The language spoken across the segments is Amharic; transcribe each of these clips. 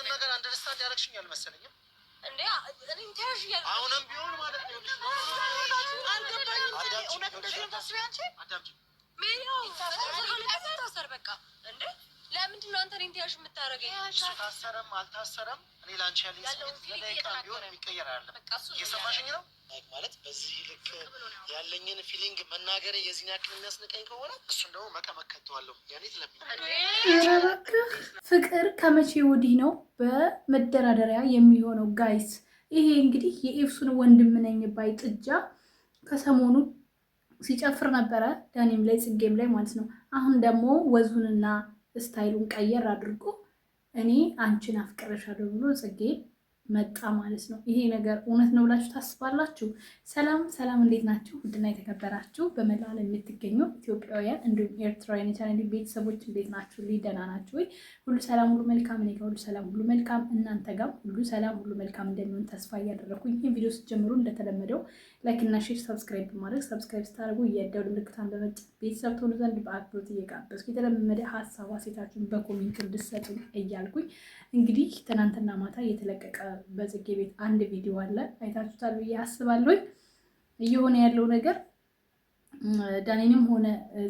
ያልኩትን ነገር አንደርስታንድ ያደረግሽኝ አልመሰለኝም። አሁንም ቢሆን ማለት ነው ለምንድን ነው አንተ የምታደርገኝ? ታሰረም አልታሰረም እኔ ለአንቺ ያለኝ ስሜት ለደቂቃ ቢሆን የሚቀየር አይደለም። እየሰማሽኝ ነው ማለት በዚህ ልክ ያለኝን ፊሊንግ መናገር የዚህን ያክል የሚያስንቀኝ ከሆነ እሱን ደግሞ መቀመቅ ከተዋለሁ ያኔ ፍቅር ከመቼ ወዲህ ነው በመደራደሪያ የሚሆነው? ጋይስ ይሄ እንግዲህ የኤፍሱን ወንድም ነኝ ባይ ጥጃ ከሰሞኑ ሲጨፍር ነበረ ዳኒም ላይ ጽጌም ላይ ማለት ነው። አሁን ደግሞ ወዙንና ስታይሉን ቀየር አድርጎ እኔ አንቺን አፍቅረሻለሁ ብሎ ጽጌ መጣ ማለት ነው። ይሄ ነገር እውነት ነው ብላችሁ ታስባላችሁ? ሰላም ሰላም፣ እንዴት ናችሁ? ውድና የተከበራችሁ በመላው ዓለም የምትገኙ ኢትዮጵያውያን እንዲሁም ኤርትራውያን የቻናል ቤተሰቦች እንዴት ናችሁ? ደህና ናችሁ ወይ? ሁሉ ሰላም ሁሉ መልካም፣ እኔ ጋር ሁሉ ሰላም ሁሉ መልካም፣ እናንተ ጋር ሁሉ ሰላም ሁሉ መልካም እንደሚሆን ተስፋ እያደረኩኝ ይህን ቪዲዮ ስትጀምሩ እንደተለመደው ላይክ እና ሼር፣ ሰብስክራይብ በማድረግ ሰብስክራይብ ስታደርጉ የደውል ምልክቷን በመጫን ቤተሰብ ትሆኑ ዘንድ በአክብሮት እየጋበዝኩ የተለመደ ሀሳብ አሴታችሁን በኮሜንት እንድትሰጡኝ እያልኩኝ እንግዲህ ትናንትና ማታ እየተለቀቀ በጽጌ ቤት አንድ ቪዲዮ አለ፣ አይታችሁታል ብዬ አስባለሁ። እየሆነ ያለው ነገር ዳኔንም ሆነ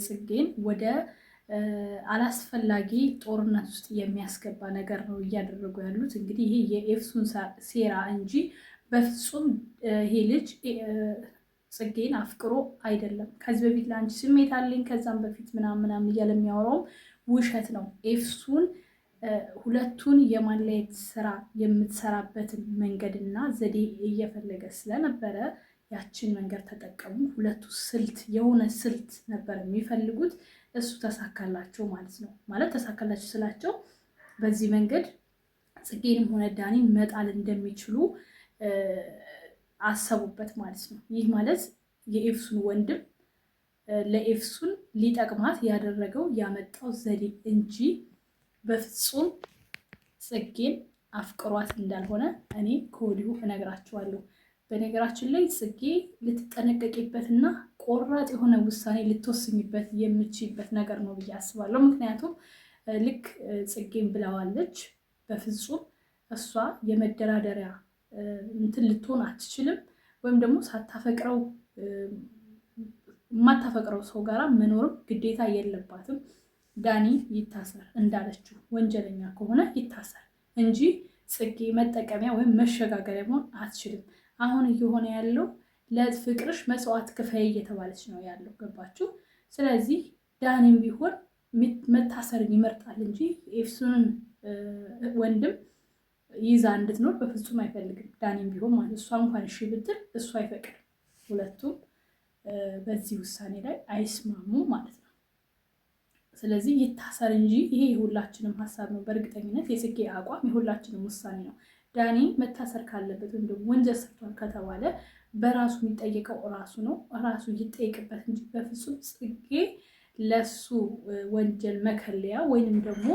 ጽጌን ወደ አላስፈላጊ ጦርነት ውስጥ የሚያስገባ ነገር ነው እያደረጉ ያሉት። እንግዲህ ይሄ የኤፍሱን ሴራ እንጂ በፍጹም ይሄ ልጅ ጽጌን አፍቅሮ አይደለም። ከዚህ በፊት ለአንቺ ስሜት አለኝ ከዛም በፊት ምናምን ምናምን እያለ የሚያወራውም ውሸት ነው ኤፍሱን ሁለቱን የማለየት ስራ የምትሰራበትን መንገድና ዘዴ እየፈለገ ስለነበረ ያችን መንገድ ተጠቀሙ። ሁለቱ ስልት የሆነ ስልት ነበር የሚፈልጉት። እሱ ተሳካላቸው ማለት ነው። ማለት ተሳካላቸው ስላቸው በዚህ መንገድ ጽጌንም ሆነ ዳኒን መጣል እንደሚችሉ አሰቡበት ማለት ነው። ይህ ማለት የኤፍሱን ወንድም ለኤፍሱን ሊጠቅማት ያደረገው ያመጣው ዘዴ እንጂ በፍጹም ጽጌን አፍቅሯት እንዳልሆነ እኔ ከወዲሁ እነግራችኋለሁ። በነገራችን ላይ ጽጌ ልትጠነቀቂበትና ቆራጥ የሆነ ውሳኔ ልትወስኝበት የምችይበት ነገር ነው ብዬ አስባለሁ። ምክንያቱም ልክ ጽጌን ብለዋለች፣ በፍጹም እሷ የመደራደሪያ እንትን ልትሆን አትችልም። ወይም ደግሞ ሳታፈቅረው የማታፈቅረው ሰው ጋራ መኖርም ግዴታ የለባትም። ዳኒ ይታሰር እንዳለችው ወንጀለኛ ከሆነ ይታሰር እንጂ ጽጌ መጠቀሚያ ወይም መሸጋገሪያ መሆን አትችልም። አሁን እየሆነ ያለው ለፍቅርሽ መስዋዕት ክፈይ እየተባለች ነው ያለው። ገባችሁ? ስለዚህ ዳኒም ቢሆን መታሰርን ይመርጣል እንጂ ኤፍሱንን ወንድም ይዛ እንድትኖር በፍጹም አይፈልግም። ዳኒም ቢሆን ማለት እሷ እንኳን እሺ ብትል እሱ አይፈቅድም። ሁለቱም በዚህ ውሳኔ ላይ አይስማሙ ማለት ነው። ስለዚህ ይታሰር እንጂ ይሄ የሁላችንም ሀሳብ ነው። በእርግጠኝነት የጽጌ አቋም የሁላችንም ውሳኔ ነው። ዳኒ መታሰር ካለበት ወይም ደግሞ ወንጀል ሰርቷል ከተባለ በራሱ የሚጠየቀው ራሱ ነው። ራሱ ይጠይቅበት እንጂ በፍጹም ጽጌ ለሱ ወንጀል መከለያ ወይንም ደግሞ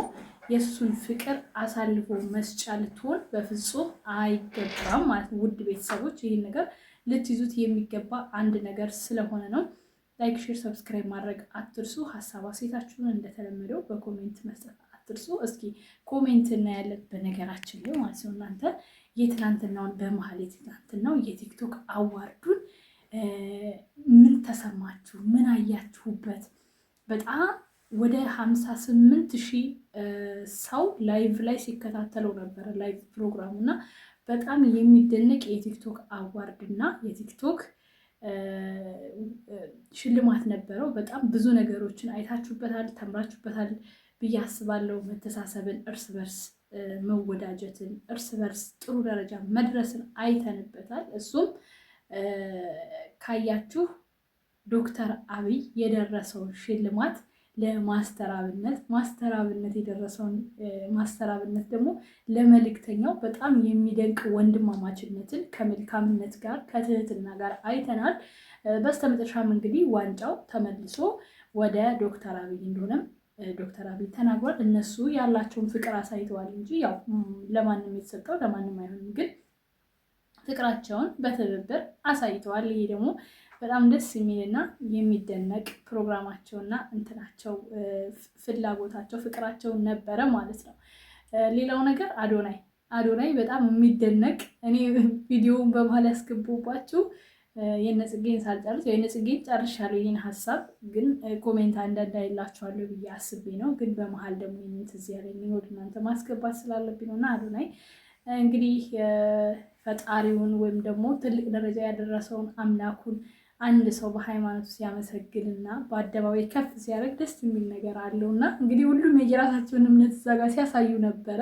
የእሱን ፍቅር አሳልፎ መስጫ ልትሆን በፍጹም አይገባም ማለት ነው። ውድ ቤተሰቦች ይህን ነገር ልትይዙት የሚገባ አንድ ነገር ስለሆነ ነው። ላይክ፣ ሼር፣ ሰብስክራይብ ማድረግ አትርሱ። ሀሳብ አሴታችሁን እንደተለመደው በኮሜንት መስጠት አትርሱ። እስኪ ኮሜንት እናያለን። በነገራችን ላይ ማለት ነው እናንተ የትናንትናውን በመሀል የትናንትናው የቲክቶክ አዋርዱን ምን ተሰማችሁ? ምን አያችሁበት? በጣም ወደ ሀምሳ ስምንት ሺህ ሰው ላይቭ ላይ ሲከታተለው ነበረ ላይቭ ፕሮግራሙ እና በጣም የሚደነቅ የቲክቶክ አዋርድ እና የቲክቶክ ሽልማት ነበረው። በጣም ብዙ ነገሮችን አይታችሁበታል፣ ተምራችሁበታል ብዬ አስባለሁ። መተሳሰብን፣ እርስ በርስ መወዳጀትን፣ እርስ በርስ ጥሩ ደረጃ መድረስን አይተንበታል። እሱም ካያችሁ ዶክተር አብይ የደረሰውን ሽልማት ለማስተራብነት ማስተራብነት የደረሰውን ማስተራብነት ደግሞ ለመልእክተኛው በጣም የሚደንቅ ወንድማማችነትን ከመልካምነት ጋር ከትህትና ጋር አይተናል። በስተመጨረሻም እንግዲህ ዋንጫው ተመልሶ ወደ ዶክተር አብይ እንደሆነም ዶክተር አብይ ተናግሯል። እነሱ ያላቸውን ፍቅር አሳይተዋል እንጂ ያው ለማንም የተሰጠው ለማንም አይሆንም፣ ግን ፍቅራቸውን በትብብር አሳይተዋል። ይሄ ደግሞ በጣም ደስ የሚልና የሚደነቅ ፕሮግራማቸውና እንትናቸው ፍላጎታቸው ፍቅራቸው ነበረ ማለት ነው። ሌላው ነገር አዶናይ አዶናይ በጣም የሚደነቅ እኔ ቪዲዮውን በመሀል ያስገቡባችሁ የነጽጌን ሳልጨርስ የነጽጌን ጨርሻለሁ። ይህን ሀሳብ ግን ኮሜንት አንዳንድ አይላችኋለሁ ብዬ አስቤ ነው። ግን በመሀል ደግሞ ይህንን ትዝ ያለኝ ወደ እናንተ ማስገባት ስላለብኝ ነው እና አዶናይ እንግዲህ ፈጣሪውን ወይም ደግሞ ትልቅ ደረጃ ያደረሰውን አምላኩን አንድ ሰው በሃይማኖቱ እና በአደባባይ ከፍ ሲያደርግ ደስ የሚል ነገር አለው እና እንግዲህ ሁሉም የየራሳቸውን እምነት እዛ ጋር ሲያሳዩ ነበረ።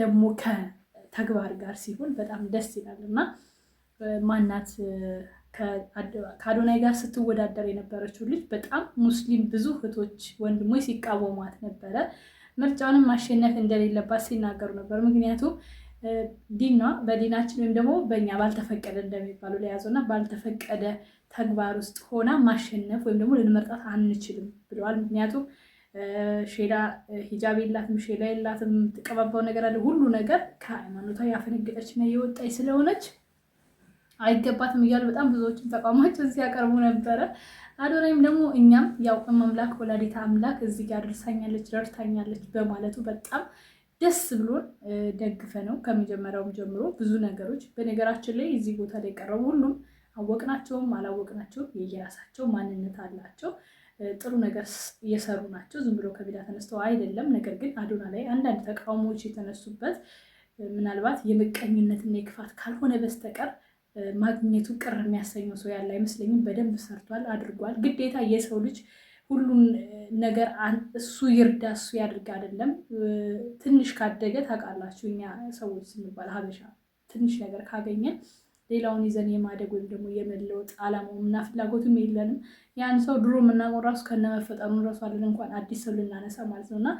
ደግሞ ከተግባር ጋር ሲሆን በጣም ደስ ይላል እና ማናት ከአዶናይ ጋር ስትወዳደር የነበረችው ልጅ በጣም ሙስሊም ብዙ እህቶች ወንድሞች ሲቃወሟት ነበረ። ምርጫውንም ማሸነፍ እንደሌለባት ሲናገሩ ነበር። ምክንያቱም ዲን ዲና በዲናችን ወይም ደግሞ በእኛ ባልተፈቀደ እንደሚባሉ ለያዘው እና ባልተፈቀደ ተግባር ውስጥ ሆና ማሸነፍ ወይም ደግሞ ልንመርጣት አንችልም ብለዋል። ምክንያቱም ሼላ ሂጃብ የላትም፣ ሼላ የላትም፣ የምትቀባባው ነገር አለ። ሁሉ ነገር ከሃይማኖቷ ያፈነገጠች እና የወጣች ስለሆነች አይገባትም እያሉ በጣም ብዙዎችን ተቋማቸውን ሲያቀርቡ ነበረ። አዶናይም ደግሞ እኛም ያው አምላክ ወላዲታ አምላክ እዚህ ጋር ደርሳኛለች ደርታኛለች በማለቱ በጣም ደስ ብሎን ደግፈ ነው ከመጀመሪያውም ጀምሮ ብዙ ነገሮች። በነገራችን ላይ እዚህ ቦታ ላይ ቀረቡ ሁሉም አወቅናቸውም አላወቅናቸውም የየራሳቸው ማንነት አላቸው። ጥሩ ነገር እየሰሩ ናቸው። ዝም ብሎ ከሜዳ ተነስተው አይደለም። ነገር ግን አዶና ላይ አንዳንድ ተቃውሞዎች የተነሱበት ምናልባት የምቀኝነትና የክፋት ካልሆነ በስተቀር ማግኘቱ ቅር የሚያሰኘው ሰው ያለ አይመስለኝም። በደንብ ሰርቷል፣ አድርጓል። ግዴታ የሰው ልጅ ሁሉን ነገር እሱ ይርዳ እሱ ያድርግ አይደለም። ትንሽ ካደገ ታውቃላችሁ፣ እኛ ሰዎች ስንባል ሀበሻ ትንሽ ነገር ካገኘን ሌላውን ይዘን የማደግ ወይም ደግሞ የመለወጥ አላማውም እና ፍላጎትም የለንም። ያን ሰው ድሮ የምናውቀው ራሱ ከነመፈጠሩ ራሱ አለን እንኳን አዲስ ሰው ልናነሳ ማለት ነው እና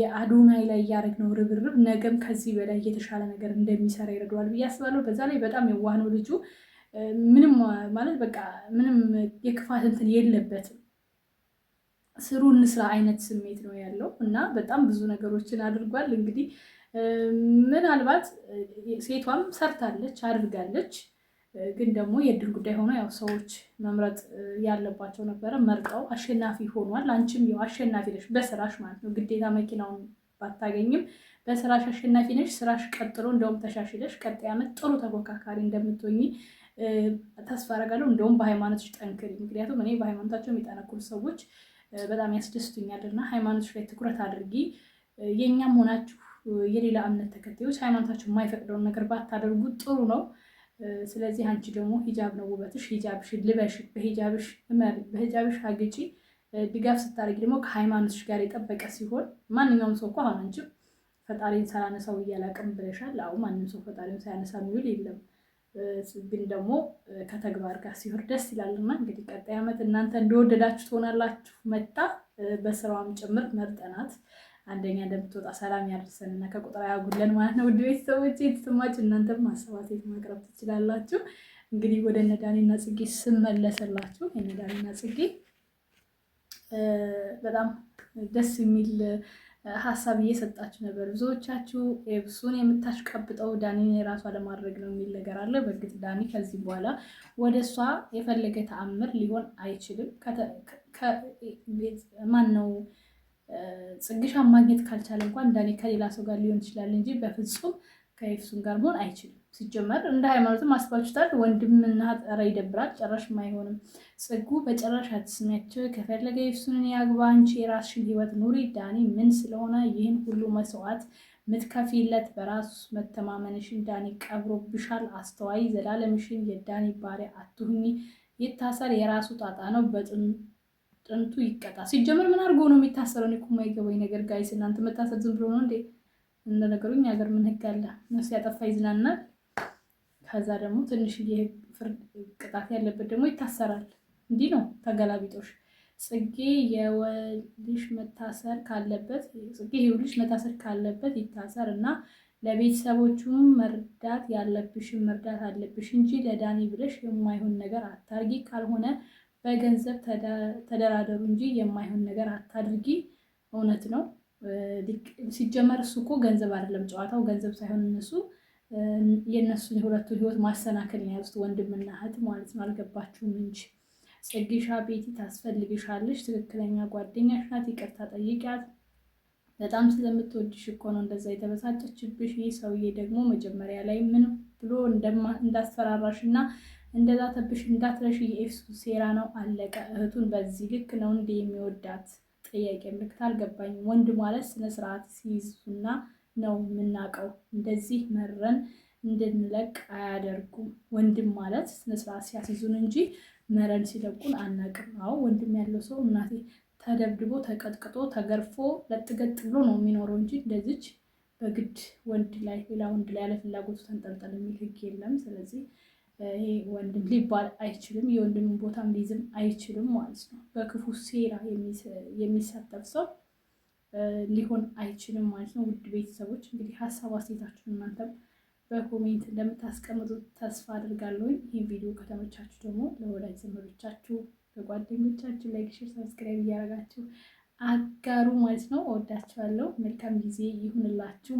የአዶናይ ላይ እያደረግነው ርብርብ ነገም ከዚህ በላይ እየተሻለ ነገር እንደሚሰራ ይረዳዋል ብዬ አስባለሁ። በዛ ላይ በጣም የዋህ ነው ልጁ። ምንም ማለት በቃ ምንም የክፋት እንትን የለበትም። ስሩ እንስራ አይነት ስሜት ነው ያለው እና በጣም ብዙ ነገሮችን አድርጓል። እንግዲህ ምናልባት ሴቷም ሰርታለች አድርጋለች፣ ግን ደግሞ የእድል ጉዳይ ሆኖ ያው ሰዎች መምረጥ ያለባቸው ነበረ። መርጠው አሸናፊ ሆኗል። አንቺም ያው አሸናፊ ነሽ በስራሽ ማለት ነው። ግዴታ መኪናውን ባታገኝም በስራሽ አሸናፊ ነሽ። ስራሽ ቀጥሎ እንደውም ተሻሽለሽ ቀጣይ ዓመት ጥሩ ተፎካካሪ እንደምትሆኚ ተስፋ አደርጋለሁ። እንደውም በሃይማኖቶች ጠንክሪ። ምክንያቱም እኔ በሃይማኖታቸው የሚጠነክሩ ሰዎች በጣም ያስደስቱኛል እና ሃይማኖቶች ላይ ትኩረት አድርጊ። የእኛም ሆናችሁ የሌላ እምነት ተከታዮች ሃይማኖታችሁ የማይፈቅደውን ነገር ባታደርጉ ጥሩ ነው። ስለዚህ አንቺ ደግሞ ሂጃብ ነው ውበትሽ፣ ሂጃብሽ ልበሽ፣ በሂጃብሽ አግጪ። ድጋፍ ስታደርጊ ደግሞ ከሃይማኖትሽ ጋር የጠበቀ ሲሆን ማንኛውም ሰው እኮ አሁን አንቺም ፈጣሪን ሳላነሳው እያላቅም ብለሻል። አዎ ማንም ሰው ፈጣሪን ሳያነሳ የሚውል የለም። ግን ደግሞ ከተግባር ጋር ሲሆን ደስ ይላልና እንግዲህ ቀጣይ ዓመት እናንተ እንደወደዳችሁ ትሆናላችሁ። መጣ በስራዋም ጭምር መርጠናት አንደኛ እንደምትወጣ ሰላም ያድርሰን እና ከቁጥር ያጉለን ማለት ነው። ውድ ቤተሰቦች የተሰማችሁ እናንተም ማሰባት ማቅረብ ትችላላችሁ። እንግዲህ ወደ ነዳኒና ጽጌ ስመለሰላችሁ የነዳኒና ጽጌ በጣም ደስ የሚል ሀሳብ እየሰጣችሁ ነበር። ብዙዎቻችሁ ኤብሱን የምታሽቀብጠው ዳኒን የራሷ ለማድረግ ነው የሚል ነገር አለ። በእርግጥ ዳኒ ከዚህ በኋላ ወደ እሷ የፈለገ ተአምር ሊሆን አይችልም። ማን ነው ጽግሻ ማግኘት ካልቻለ እንኳን ዳኒ ከሌላ ሰው ጋር ሊሆን ይችላል እንጂ በፍጹም ከኤብሱን ጋር መሆን አይችልም። ሲጀመር እንደ ሃይማኖትም አስባችሁታል። ወንድምና ኧረ ይደብራል። ጭራሽም አይሆንም። ጽጉ በጭራሽ አትስሚያቸው። ከፈለገ የሱንን ያግባ፣ አንቺ የራስሽን ህይወት ኑሪ። ዳኒ ምን ስለሆነ ይህን ሁሉ መስዋዕት ምትከፊለት? በራሱ መተማመንሽን ዳኒ ቀብሮብሻል። አስተዋይ ዘላለምሽን የዳኒ ባሪያ አትሁኝ። የታሰር የራሱ ጣጣ ነው። ጥንቱ ይቀጣ። ሲጀምር ምን አድርጎ ነው የሚታሰረው? እኔ እኮ የማይገባኝ ነገር ጋይስ፣ እናንተ መታሰር ዝም ብሎ ነው እንዴ? እንደነገሩኝ ሀገር ምን ህግ አለ? ነፍስ ያጠፋ ይዝናናል። ከዛ ደግሞ ትንሽዬ ፍርድ ቅጣት ያለበት ደግሞ ይታሰራል። እንዲህ ነው ተገላቢጦሽ። ጽጌ የወልሽ መታሰር ካለበት ጽጌ የወልሽ መታሰር ካለበት ይታሰር እና ለቤተሰቦቹም መርዳት ያለብሽን መርዳት አለብሽ እንጂ ለዳኒ ብለሽ የማይሆን ነገር አታርጊ። ካልሆነ በገንዘብ ተደራደሩ እንጂ የማይሆን ነገር አታድርጊ። እውነት ነው። ሲጀመር እሱ እኮ ገንዘብ አይደለም ጨዋታው፣ ገንዘብ ሳይሆን እነሱ የእነሱን የሁለቱን ህይወት ማሰናከል ነው ወንድምና እህት ማለት ነው። አልገባችሁም እንጂ ጽጌሻ ቤቲ ታስፈልግሻለች። ትክክለኛ ጓደኛሽ ናት። ይቅርታ ጠይቂያት። በጣም ስለምትወድሽ እኮ ነው እንደዛ የተበሳጨችብሽ። ይህ ሰውዬ ደግሞ መጀመሪያ ላይ ምን ብሎ እንዳስፈራራሽ እና እንደዛተብሽ እንዳትረሽ የኤፍሱ ሴራ ነው። አለቀ። እህቱን በዚህ ልክ ነው እንደ የሚወዳት ጥያቄ ምልክት አልገባኝም። ወንድ ማለት ስነስርዓት ሲይዙና ነው የምናውቀው። እንደዚህ መረን እንድንለቅ አያደርጉም። ወንድም ማለት ስነስርዓት ሲያስይዙን እንጂ መረን ሲለቁን አናውቅም። አዎ ወንድም ያለው ሰው እናቴ ተደብድቦ ተቀጥቅጦ ተገርፎ ለጥገጥ ብሎ ነው የሚኖረው እንጂ እንደዚች በግድ ወንድ ላይ ሌላ ወንድ ላይ ያለ ፍላጎቱ ተንጠልጠል የሚል ህግ የለም። ስለዚህ ይሄ ወንድም ሊባል አይችልም። የወንድምን ቦታም ሊይዝም አይችልም ማለት ነው። በክፉ ሴራ የሚሳተፍ ሰው ሊሆን አይችልም ማለት ነው። ውድ ቤተሰቦች እንግዲህ ሀሳብ አስተያየታችሁን እናንተም በኮሜንት እንደምታስቀምጡት ተስፋ አድርጋለሁ። ይህ ቪዲዮ ከተመቻችሁ ደግሞ ለወዳጅ ዘመዶቻችሁ፣ ለጓደኞቻችሁ ላይክ፣ ሼር፣ ሰብስክራይብ እያደረጋችሁ አጋሩ ማለት ነው። እወዳችኋለሁ። መልካም ጊዜ ይሁንላችሁ።